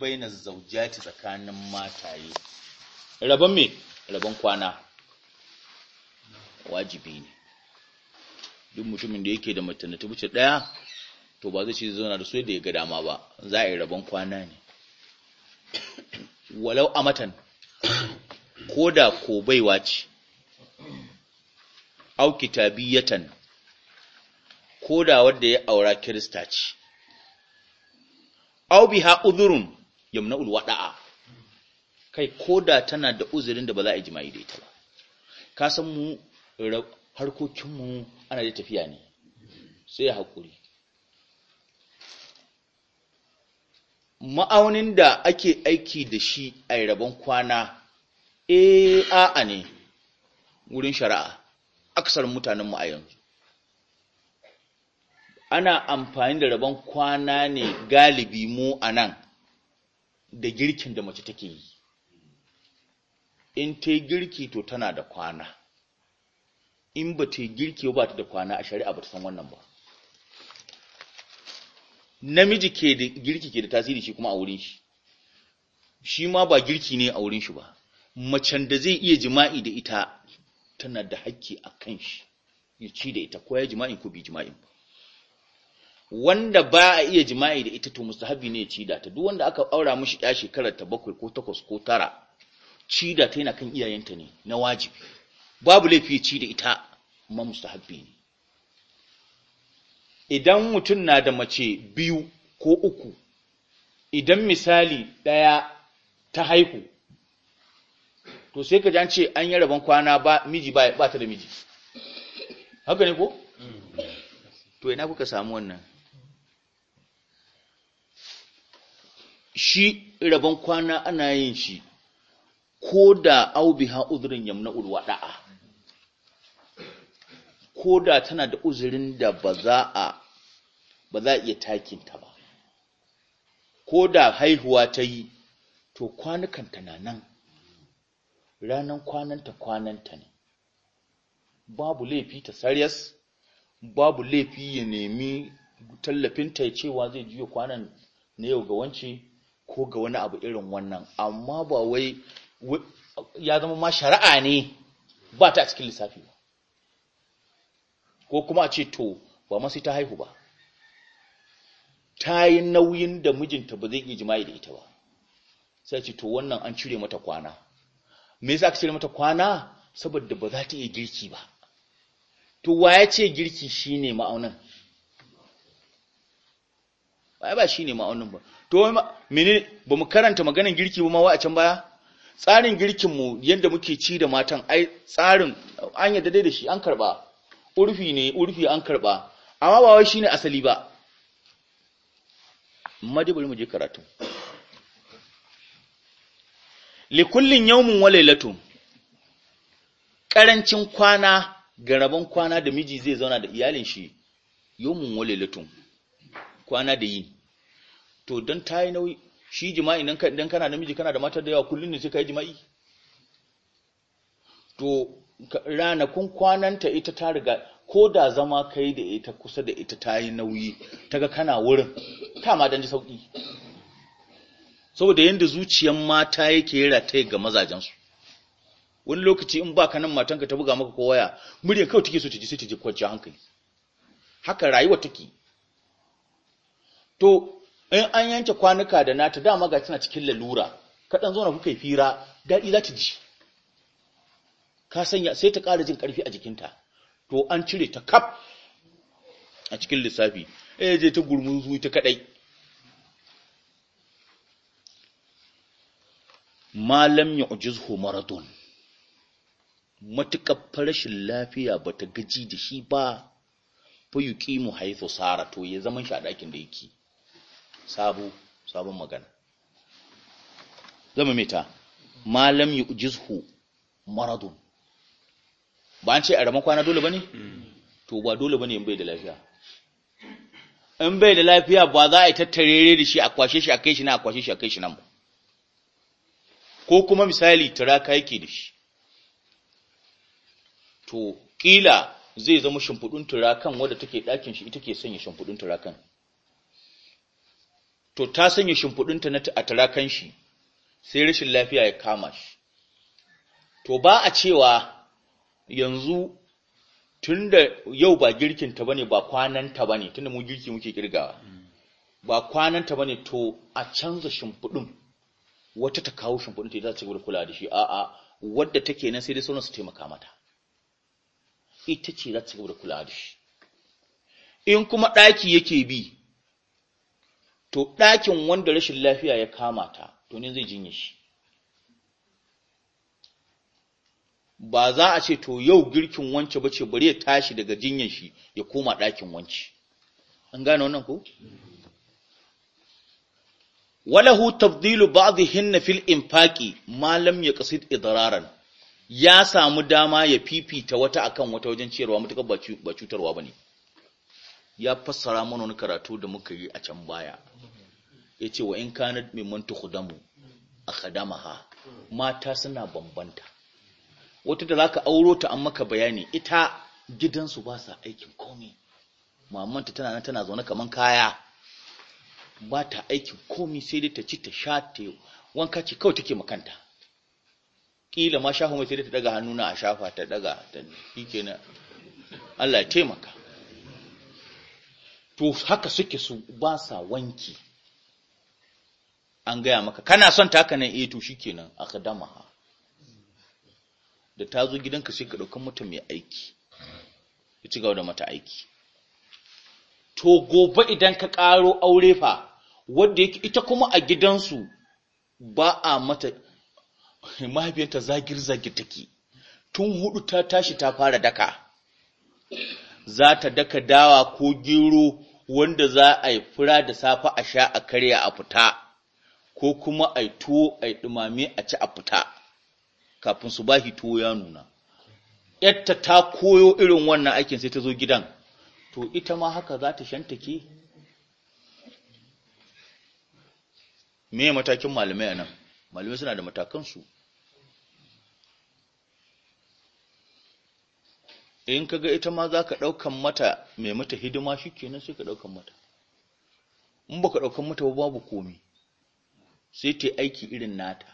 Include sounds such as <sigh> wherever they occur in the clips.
baina zaujati tsakanin mataye rabon me rabon kwana wajibi ne duk mutumin da yake da mace na buce daya to ba zai ce zauna da su da ya ga dama ba za a yi rabon kwana ne <coughs> walau amatan ko da ko baiwa ce au kitabiyatan ko wanda ya aura kirista ce au biha udhurun yamna'ul wada'a kai koda tana da uzurin da ba za a jima'i da ita ba ka san mu harkokin mu ana da tafiya ne sai ya hakuri ma'aunin da ake aiki da shi a rabon kwana eh a'a ne wurin shari'a aksar mutanen mu a yanzu ana amfani da rabon kwana ne galibi mu a nan da girkin da mace take yi in ta girki to tana da kwana in ba ta girki ba ta da kwana a shari'a ba ta san wannan ba namiji ke da girki ke da tasiri shi kuma a wurin shi shi ma ba girki ne a wurin shi ba macen da zai iya jima'i da ita tana da hakki a kan shi ya ci da ita ko ya jima'in ko bi jima'in ba wanda ba a iya jima'i da ita to mustahabi ne cida ta duk wanda aka aura mishi ya shekarar ta bakwai ko takwas ko tara cida ta yana kan iyayenta ne na wajibi babu laifi ci da ita amma mustahabi ne idan mutum na da mace biyu ko uku idan misali ɗaya ta haihu to sai ka ji an ce an yi rabon kwana ba miji ba ta da miji haka ne ko mm. to ina kuka samu wannan shi rabon kwana ana yin shi ko da aubiha uzurin yamna ulwada'a ko da tana da uzurin da ba za a ba za a iya takinta ba ko da haihuwa ta yi to kwanukanta na nan ranan kwananta kwananta ne babu laifi ta sariyas babu laifi ya nemi tallafinta ya cewa zai juya kwanan na yau ga wance ko ga wani abu irin wannan amma ba wai ya zama ma shari'a ne ba ta a cikin lissafi ba ko kuma a ce to ba masu ta haihu ba ta yi nauyin da mijinta ba zai iya jima'i da ita ba sai ce to wannan an cire mata kwana me yasa aka cire mata kwana saboda ba za ta iya girki ba to wa ya ce girki shine ma'aunin ai ba shine ma'aunin ba to mene ba mu karanta maganar girki ba ma wa a can baya tsarin girkin mu yadda muke ci da matan ai tsarin an yadda dai da shi an karba urfi ne urfi an karba amma ba wai shine asali ba madi bari mu je karatu li kullin yawmin wa laylatun karancin kwana garaban kwana da miji zai zauna da iyalin shi yawmin wa laylatun kwana da yi to don ta yi nauyi shi jima'i idan kana namiji kana da matar da yawa kullum ne suka ka yi jima'i to ranakun kwananta ita ta riga ko da zama kai da ita kusa da ita ta yi nauyi ta ga kana wurin ta ma dan ji sauƙi saboda yadda zuciyar mata yake rataye ga mazajensu wani lokaci in ba ka nan matanka ta buga maka kowaya ya muryar kawai take so ta ji sai ta ji kwanciyar hankali haka rayuwa take to in an yanke kwanuka da nata dama ga tana cikin lalura kaɗan zauna kuka yi fira daɗi za ta ji ka sanya sai ta ƙara jin ƙarfi a jikinta to an cire ta kaf a cikin lissafi eh je ta gurmun zuwa ta kaɗai malam ya ujizhu maradun matuƙar farashin lafiya ba ta gaji da shi ba fa yuqimu haythu sara to ya zaman shi a ɗakin da yake sabu sabon magana zama mita malam yujizhu maradun ba an ce a rama kwana dole ne? to ba dole ba ne in bai da lafiya in bai da lafiya ba za a yi tattarere da shi a kwashe shi a kai shi na a kwashe shi a kai shi nan ba ko kuma misali turaka yake da shi to kila zai zama shimfudun turakan wadda take ɗakin shi ita ke sanya shimfudun turakan to ta sanya shimfiɗinta na a tarakan shi sai rashin lafiya ya kama shi to ba a cewa yanzu tunda yau ba girkinta bane ba kwananta bane tunda mu girki muke kirgawa ba kwananta bane to a canza shimfiɗin wata ta kawo shimfiɗin ta za ta cigaba da kula da shi a'a wadda take nan sai dai sauran su taimaka mata ita ce za ta cigaba da kula da shi in kuma ɗaki yake bi to ɗakin wanda rashin lafiya ya kama ta to ne zai jinye shi ba za a ce to yau girkin wance ba ce bari ya tashi daga jinyar shi ya koma ɗakin wance an gane wannan ko walahu tafdilu ba'dihunna fil infaqi malam ya yaqsid idararan ya samu dama ya fifita wata akan wata wajen ciyarwa matuƙar ba cutarwa ba ne. ya fassara mana wani karatu da muka yi a can baya ya ce wa in kanat mimman kadama ha? mata suna bambanta wata da za ka auro ta an maka bayani ita gidansu ba sa aikin komi. mamanta tana nan tana zaune kaman kaya ba ta aikin komi sai dai ta ci ta sha ta wanka ce kawai take makanta kila ma shafa mai sai dai ta daga hannuna a shafa ta daga ta shikenan Allah ya taimaka to haka suke su ba sa wanki an gaya maka kana son ta haka nan eh to shikenan akadamaha da ta zo gidanka sai ka ɗaukan mata mai aiki ya ci gaba da mata aiki to gobe idan ka ƙaro aure fa wadda yake ita kuma a gidansu ba a mata mahaifiyarta zagir-zagir take tun hudu ta tashi ta fara daka za ta daka dawa ko gero wanda za a yi fura da safe a sha a karya a fita ko kuma a yi tuwo a yi ɗumame a ci a fita kafin su ba shi tuwo ya nuna yadda ta koyo irin wannan aikin sai ta zo gidan to ita ma haka za ta ke? me matakin malamai a nan malamai suna da matakansu in kaga ita ma za ka ɗaukan mata mai mata hidima shikenan sai ka ɗaukan mata in ba ka ɗaukan mata ba babu komi sai ta aiki irin nata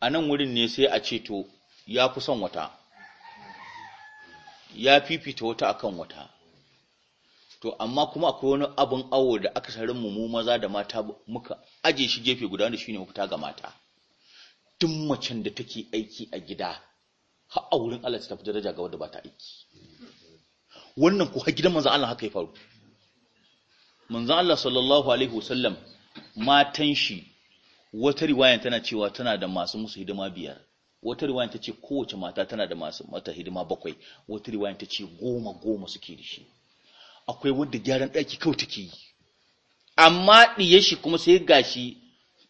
a nan wurin ne sai a ce to ya fi son wata ya fifita wata akan wata to amma kuma akwai wani abin awo da aka sarin mu maza da mata muka aje shi gefe guda da shine mafita ga mata duk macen da take aiki a gida Ha'a wurin Allah ta fi daraja ga wanda ba ta aiki wannan ku gidan manzon Allah haka ya faru manzon Allah sallallahu alaihi wasallam matan shi wata riwayan tana cewa tana da masu musu hidima biyar wata riwayan ta ce kowace mata tana da masu mata hidima bakwai wata riwaya ta ce goma goma suke da shi akwai wanda gyaran ɗaki kawai take yi amma ɗiyashi shi kuma sai gashi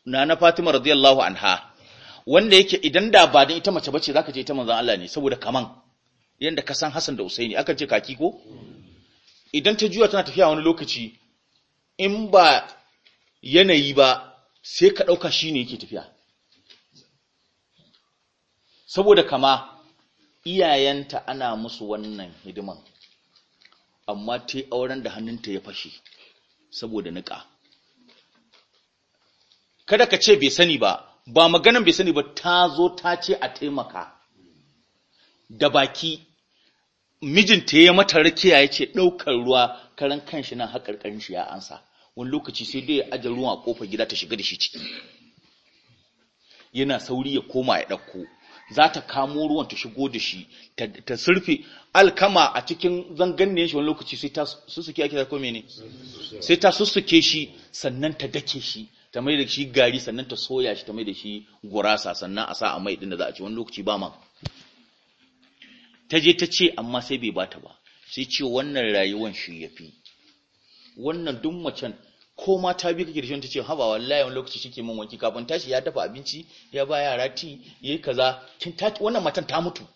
na na Fatima radiyallahu anha wanda yake idan da ba dan ita mace bace zaka je ita manzon Allah ne saboda kaman yanda ka san Hassan da Usaini aka ce kaki ko idan ta juya tana tafiya wani lokaci in ba yanayi ba sai ka dauka shine yake tafiya saboda kama iyayenta ana musu wannan hidiman amma ta auren da hannunta ya fashe saboda niƙa kada ka ce bai sani ba ba maganan bai sani ba ta zo ta ce a taimaka da baki mijinta ya mata rakiya ya ce ɗaukar ruwa karan kanshi nan haƙar shi ya ansa wani lokaci sai dai ya ruwa ruwan a ƙofar gida ta shiga da shi ciki yana sauri ya koma ya ɗauko za ta kamo ruwan ta shigo da shi ta surfe alkama a cikin ne shi wani lokaci sai ta sussuke sai ta sussuke shi sannan ta dake shi ta mai da shi gari sannan ta soya shi ta mai da shi gurasa sannan a sa a mai din da za a ci wani lokaci ba ma. ta je ta ce amma sai bai bata ba sai ce wannan rayuwar shi yafi wannan duk macen ko ma ta bi kake da shi ta ce haba wallahi wani lokaci shike min wanki kafin tashi ya dafa abinci ya ba yara ti yayi kaza kin ta wannan matan ta mutu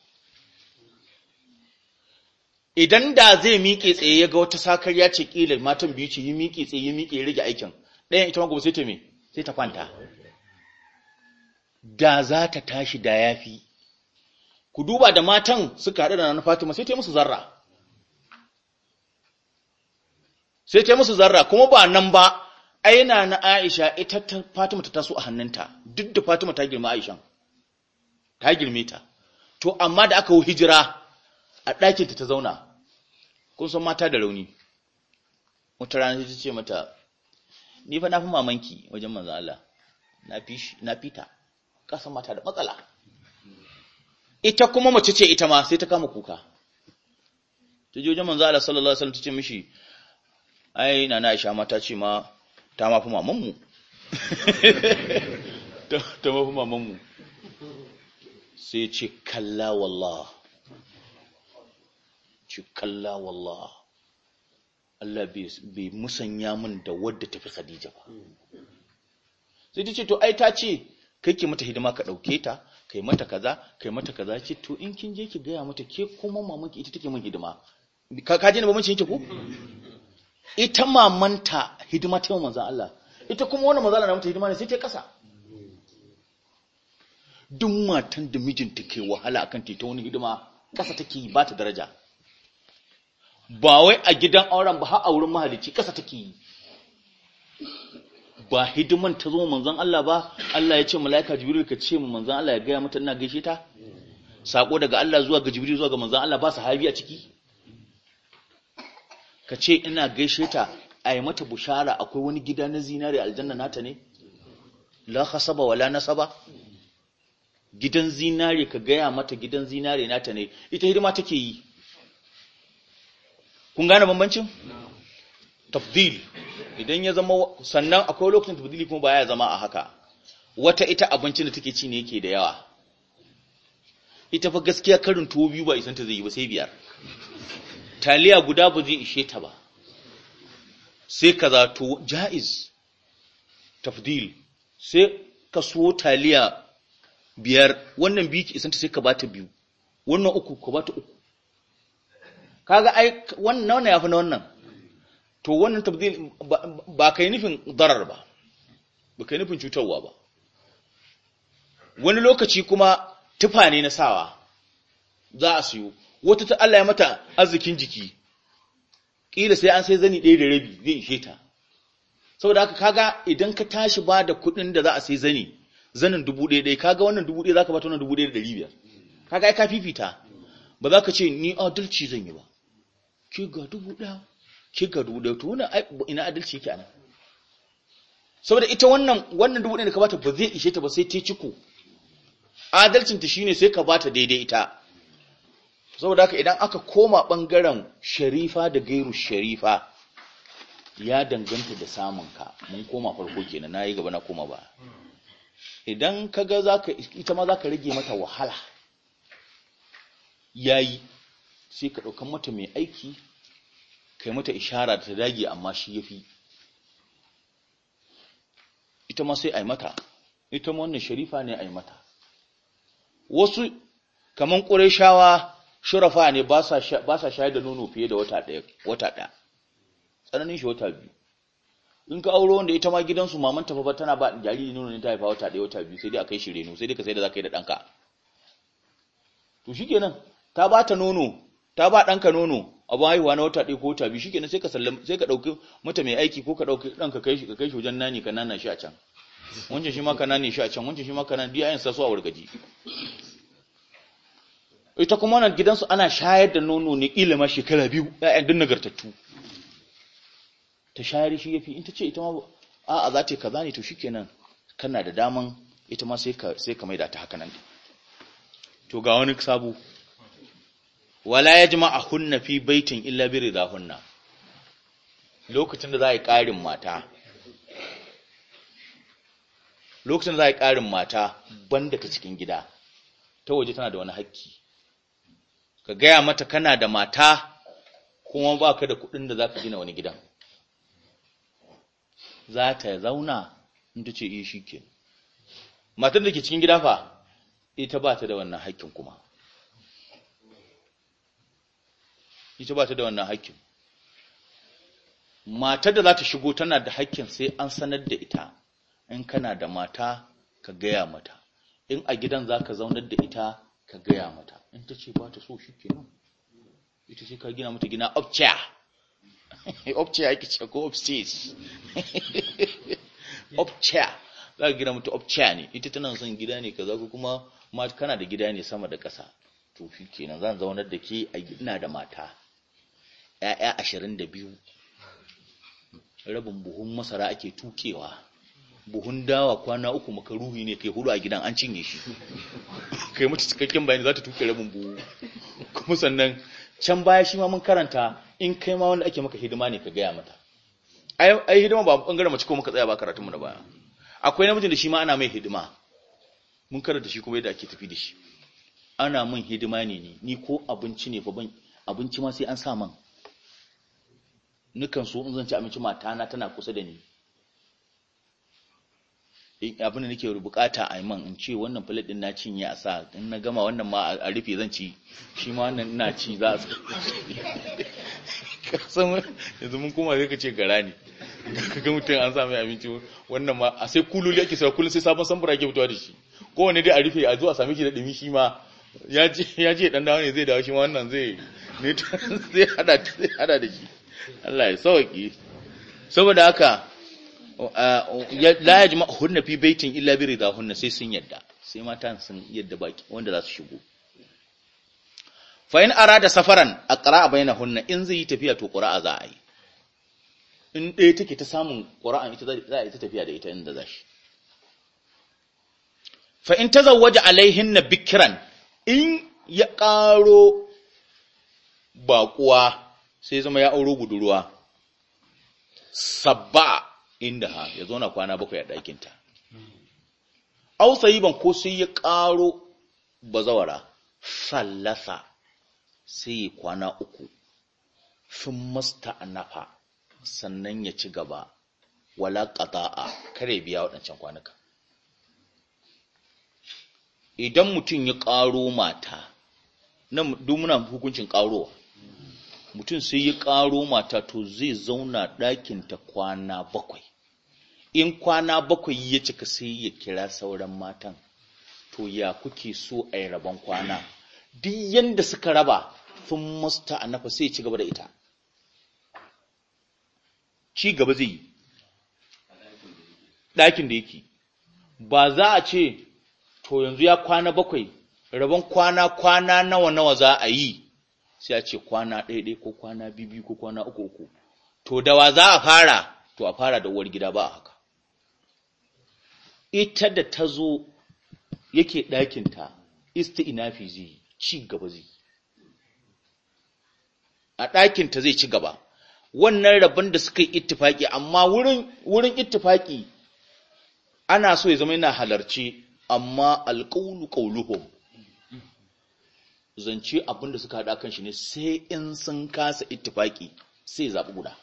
idan da zai miƙe tsaye ya ga wata sakarya ce kila matan biyu ce yi miƙe tsaye yi miƙe rage aikin ɗayan ita ma gobe sai ta me sai ta kwanta da za ta tashi da yafi ku duba da matan suka haɗu da nana Fatima sai ta musu zarra sai ta musu zarra kuma ba nan ba aina na Aisha ita ta Fatima ta taso a hannunta duk da Fatima ta girma Aisha ta girme ta to amma da aka yi hijira a ɗakinta ta zauna kun san mata da rauni wata rana ta ce mata ni fa na fi mamanki wajen manzo Allah na fita kasan mata da matsala ita kuma mace ce ita ma sai ta kama kuka ta je wajen manzo Allah sallallahu alaihi wasallam ta ce mishi ai na Aisha ma ta ce ma ta ma fi maman mu, <laughs> ta ma fi maman mu sai ce kalla wallahi ci kalla wallahi Allah bai musanya min da wadda tafi Khadija ba hmm. sai ta ce to ai ta ce kai ke mata hidima ka ɗauke ta kai mata kaza kai mata kaza ce to in kin je ki gaya mata ke kuma mamanki ita take mun hidima ka ka ji ne bambancin yake ku? Hmm. ita mamanta hidima ta yi maza Allah ita kuma wani maza Allah na mata hidima ne sai ta kasa hmm. duk matan da mijinta ke wahala akan ta wani hidima kasa take ba ta daraja ba wai a gidan auren ba har a wurin mahalicci ƙasa take yi ba hidiman ta zo manzon Allah ba Allah ya ce malaika jibril ka ce mu manzon Allah ya gaya mata ina gaishe ta sako daga Allah zuwa ga jibril zuwa ga manzon Allah ba sahabi a ciki ka ce ina gaishe ta ai mata bushara akwai wani gida na zinare aljanna nata ne la khasaba wala nasaba gidan zinare ka gaya mata gidan zinare nata ne ita hidima take yi kun gane bambancin tafdil idan ya zama sannan akwai lokacin tafdili kuma ba ya zama a haka wata ita abincin da take ci ne yake da yawa ita fa gaskiya karin tuwo biyu ba isan ta zai yi ba sai biyar taliya guda ba zai ishe ta ba sai kaza to jaiz tafdil sai ka so taliya biyar wannan biyu ki ta sai ka bata biyu wannan uku ka bata uku kaga ai wannan ya yafi na wannan to wannan tabdil ba kai nufin darar ba ba kai nufin cutarwa ba wani lokaci kuma tufa ne na sawa za a siyo wata ta Allah ya mata arzikin jiki kila sai an sai zani ɗaya da rabi zai ishe ta saboda haka kaga idan ka tashi ba da kuɗin da za a sai zani zanin dubu ɗaya ɗaya kaga wannan dubu ɗaya za ka bata wannan dubu ɗaya da ɗari biyar kaga ai ka fifita ba za ka ce ni adalci zan yi ba ki ga dubu ɗaya ki ga dubu ɗaya to wannan ina adalci yake anan saboda ita wannan wannan dubu ɗaya da ka bata ba zai ishe ta ba sai ta ciku. adalcin ta shine sai ka bata daidai ita saboda haka idan aka koma ɓangaren sharifa da gairu sharifa ya danganta da samun ka mun koma farko kenan nayi gaba na koma ba idan kaga zaka ita ma za ka rage mata wahala yayi sai ka ɗaukan mata mai aiki kai mata ishara da ta dage amma shi ya fi ita ma sai a mata ita ma wannan sharifa ne a mata wasu kaman ƙureshawa shurafa ne ba sa shayar da nono fiye da wata ɗaya tsananin shi wata biyu in ka auro wanda ita ma gidansu maman tafa ba tana ba jariri nono ne ta haifa wata ɗaya wata biyu sai dai a kai shi reno sai dai ka sai da za ka yi da ɗanka to shi kenan ta ba ta nono ta ba ɗanka nono abin haihuwa na wata ɗaya ko wata biyu shikenan sai ka sallam sai ka ɗauki mata mai aiki ko ka ɗauki ɗanka kai shi ka kai shi wajen nani ka nana shi a can wancan shi ma ka nani shi a can wancan shi ma ka nani duk ayin sasu a wargaji ita kuma wannan gidansu ana shayar da nono ne ƙila ma shekara biyu ƴaƴan duk nagartattu ta shayar shi yafi in ta ce ita ma a'a za ta yi kaza ne to shikenan kana da daman ita ma sai ka sai ka maida ta haka nan to ga wani sabo wala ya hunna fi baitin illa bi hunna lokacin da za a yi ƙarin mata lokacin da za a yi ƙarin mata banda ta cikin gida ta waje tana da wani haƙƙi ka gaya mata kana da mata kuma ba ka da kuɗin da za ka gina wani gidan za ta zauna in ta ce iya eh, shi ke matan da ke cikin gida fa ita ba ta da wannan haƙƙin kuma ita ba ta da wannan hakkin Mata da za ta shigo tana da hakkin sai an sanar da ita in kana da mata ka gaya mata in a gidan za ka zaunar da ita ka gaya mata in ta ce ba ta so shi kenan ita sai ka gina mata gina upchair <laughs> upchair ake ce ko upstairs <laughs> upchair za ka gina mata upchair ne ita tana son gida ne za ku kuma kana da gida ne sama da ƙasa to shi kenan zan zaunar da ke a ina da mata 'ya'ya ashirin da biyu rabin buhun masara ake tukewa buhun dawa kwana uku makaruhi ne kai hudu a gidan an cinye shi kai mutu cikakken bayani za ta tuke rabin buhu kuma sannan can baya shi ma mun karanta in kai ma wanda ake maka hidima ne ka gaya mata ai hidima ba bangaren mace ko muka tsaya ba karatun mu na baya akwai namijin da shi ma ana mai hidima mun karanta shi kuma yadda ake tafi da shi ana min hidima ne ni ni ko abinci ne ba ban abinci ma sai an sa man nukan so in zan ci abinci matana tana kusa da ni eh, abin da nake bukata a man in ce wannan plate din na cinye a sa in na gama wannan ma a rufe zan ci shi ma wannan ina ci za su <laughs> kasan yanzu mun koma zai ka ce gara ne ka ga mutum an sami abinci wannan ma a sai kululi ake sai kullum sai sabon samfura ake fitowa da shi kowane dai a rufe a zo a same shi da dumi shi ma ya je ya je dan dawo ne zai dawo shi ma wannan zai ne <laughs> zai hada zai hada da shi Allah ya sauki saboda haka la yajma hunna fi baitin illa bi hunna sai sun yadda sai matan sun yadda baki wanda za su shigo fa in arada safaran aqra hunna in zai tafiya to qura'a za a yi in ɗaya take ta samun qura'an ita za a yi ta tafiya da ita inda zashi. fa in tazawwaja alaihinna bikran in ya ƙaro baƙuwa sai zama ya auro budurwa sabba inda ha ya na kwana bakwai a ɗakinta au ban ko sai ya ƙaro bazawara sallasa sai ya kwana uku sun masta nafa sannan ya ci gaba wala ƙata'a kare biya waɗancan kwanuka idan mutum ya ƙaro mata nan dumuna hukuncin ƙarowa mutum sai ya ƙaro mata to zai zauna ɗakinta kwana bakwai in kwana bakwai ya cika sai ya kira sauran matan to ya kuke so a yi rabon kwana duk yadda suka raba sun musta nafa sai ci gaba da ita ci gaba zai yi ɗakin da yake ba za a ce to yanzu ya kwana bakwai rabon kwana kwana nawa nawa za a yi sai a ce kwana ɗaya ɗaya ko kwana biyu ko kwana uku uku to da wa za a fara to a fara da uwar gida ba haka ita da ta zo yake ɗakinta fi zai ci gaba zai a ɗakinta zai ci gaba wannan rabon da suka yi ittifaki amma wurin wurin ittifaki ana so ya zama yana halarci amma alƙawlu qawluhum zance abin da suka haɗa kan shi ne sai in sun kasa ittifaki sai zaɓi guda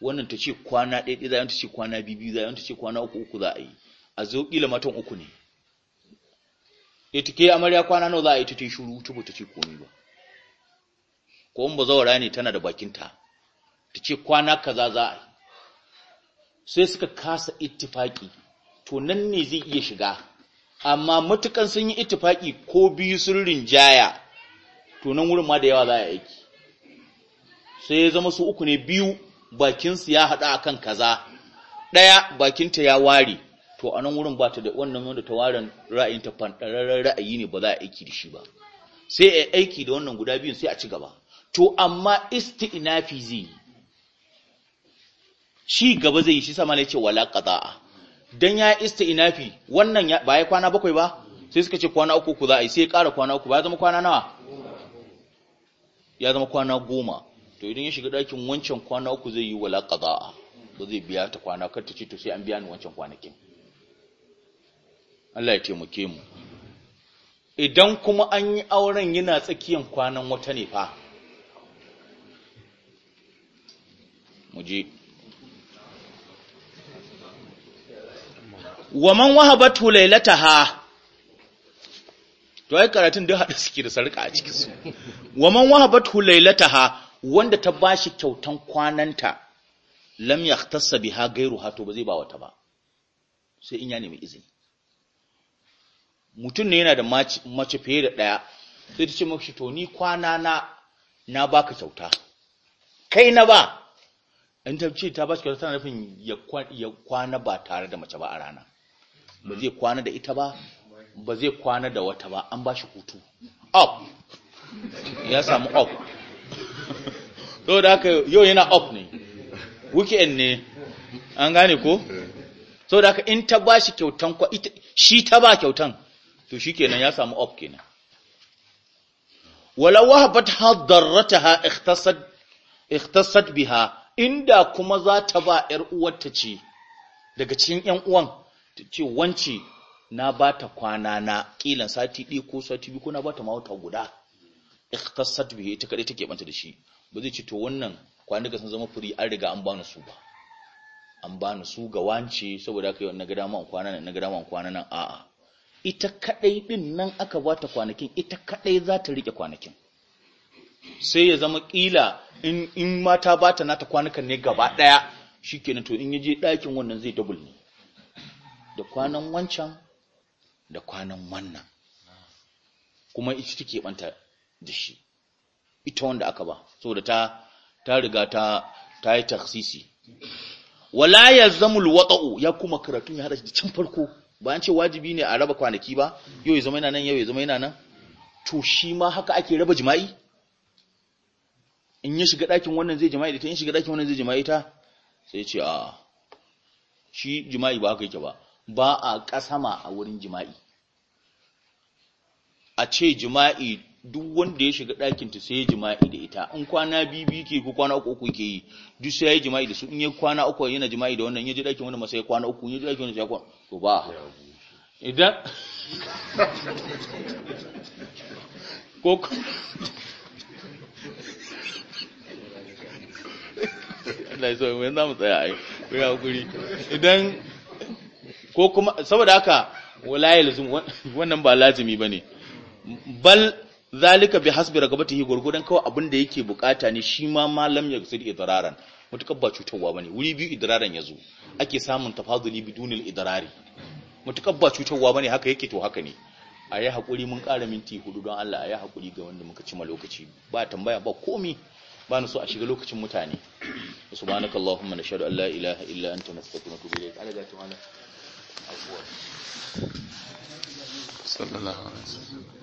wannan ta ce kwana ɗaya ɗaya za ta ce kwana bibi biyu za ta ce kwana uku uku za a yi a zo ƙila matan uku ne ita eh, ke amarya kwana nawa za a yi ta ce shuru ta ba ta ce komai ba ko in ba zawara ne tana da bakinta ta ce kwana kaza za a yi sai suka kasa ittifaki to nan ne zai iya shiga amma matukan sun yi itifaki ko biyu sun rinjaya to wurin ma da yawa za a aiki sai ya zama su uku ne biyu bakinsu ya haɗa akan kaza ɗaya bakinta ya ware to a nan wurin ba ta da wannan wanda ta ra'ayin ra'ayinta fanɗararren ra'ayi ne ba za a aiki da shi ba sai a aiki da wannan guda biyun sai a ci gaba to amma isti'nafi zai yi shi gaba zai yi shi sama ne ce wala qada'a dan ya inafi wannan ba ya kwana bakwai ba sai suka ce kwana uku ku za a yi sai ya ƙara kwana uku ba ya zama kwana nawa ya zama kwana goma to idan ya shiga ɗakin wancan kwana uku zai yi wala ƙaza'a ba zai biya ta kwana kar ta ce to sai an biya ni wancan kwanakin Allah ya taimake mu idan kuma an yi auren yana tsakiyan kwanan wata ne fa mu je wa man wahabatu lailataha to ai karatun da hada suke da sarka a cikin su wa man wahabatu lailataha wanda ta bashi kyautan kwananta lam yahtassa biha gairuha to ba zai ba wata ba sai in ya nemi izini mutum ne yana da mace fiye da daya sai ta ce mashi to ni kwana na na baka kyauta kai na ba in ta ce ta ba shi kyauta tana nufin ya kwana ba tare da mace ba a rana ba zai kwana da ita ba ba zai kwana da wata ba an ba shi hutu up ya samu up to da haka yau yana up ne weekend ne an gane ko so da haka in ta ba shi kyautan kwa ita, shi ta ba kyautan to shi kenan ya samu up kenan wala wahabat hadarrataha ikhtasad ikhtasad biha inda kuma za ta ba ‘yar uwarta ce daga cikin ‘yan uwan Tace ce wance na ba ta kwana na kilan sati ɗaya ko sati biyu ko na ba ta mawata guda ikhtasat bihi ita kadai take banta da shi ba zai ce to wannan ga sun zama furi an riga an bani su ba an bani su ga wance saboda kai wannan gada man kwana nan na man kwana nan a'a ita kadai din nan aka ba ta kwanakin ita kadai za ta rike kwanakin sai ya zama kila in in mata bata ta kwanukan ne gaba daya shikenan to in yaje dakin wannan zai double ne da kwanan wancan da kwanan wannan kuma ita take banta da shi ita wanda aka ba saboda ta ta riga ta ta yi taksisi wala yazmul waqa'u ya kuma karatu ya hada shi da can farko ba an ce wajibi ne a raba kwanaki ba yau ya zama yana nan yau ya zama yana nan to shi ma haka ake raba jima'i in ya shiga ɗakin wannan zai jima'i da ta in shiga ɗakin wannan zai jima'i ta sai ce a shi jima'i ba haka yake ba ba a kasama a wurin jima'i a ce jima'i duk wanda ya shiga ɗakinta sai ya jima'i da ita in kwana biyu ke ko kwana uku ke yi duk sai ya yi jima'i da su in ya kwana uku yana jima'i da wannan ya ji ɗakin wani masa ya kwana uku ya ji ɗakin wani sai to ba idan <laughs> idan ko kuma saboda haka wala yalzum wannan ba lazimi bane bal zalika bi hasbi ragabatihi gurgudan kawai abin da yake bukata ne shi ma malam ya sidi idraran mutakar ba cutarwa bane wuri biyu idraran yazo ake samun tafaduli bidunil idrari mutakar ba cutarwa bane haka yake to haka ne a yi haƙuri mun ƙara minti hudu don Allah a yi haƙuri ga wanda muka cima lokaci ba tambaya ba komi ba na so a shiga lokacin mutane subhanakallahumma nashhadu an la ilaha illa anta nastaghfiruka wa natubu ilayk of work. صلى الله عليه وسلم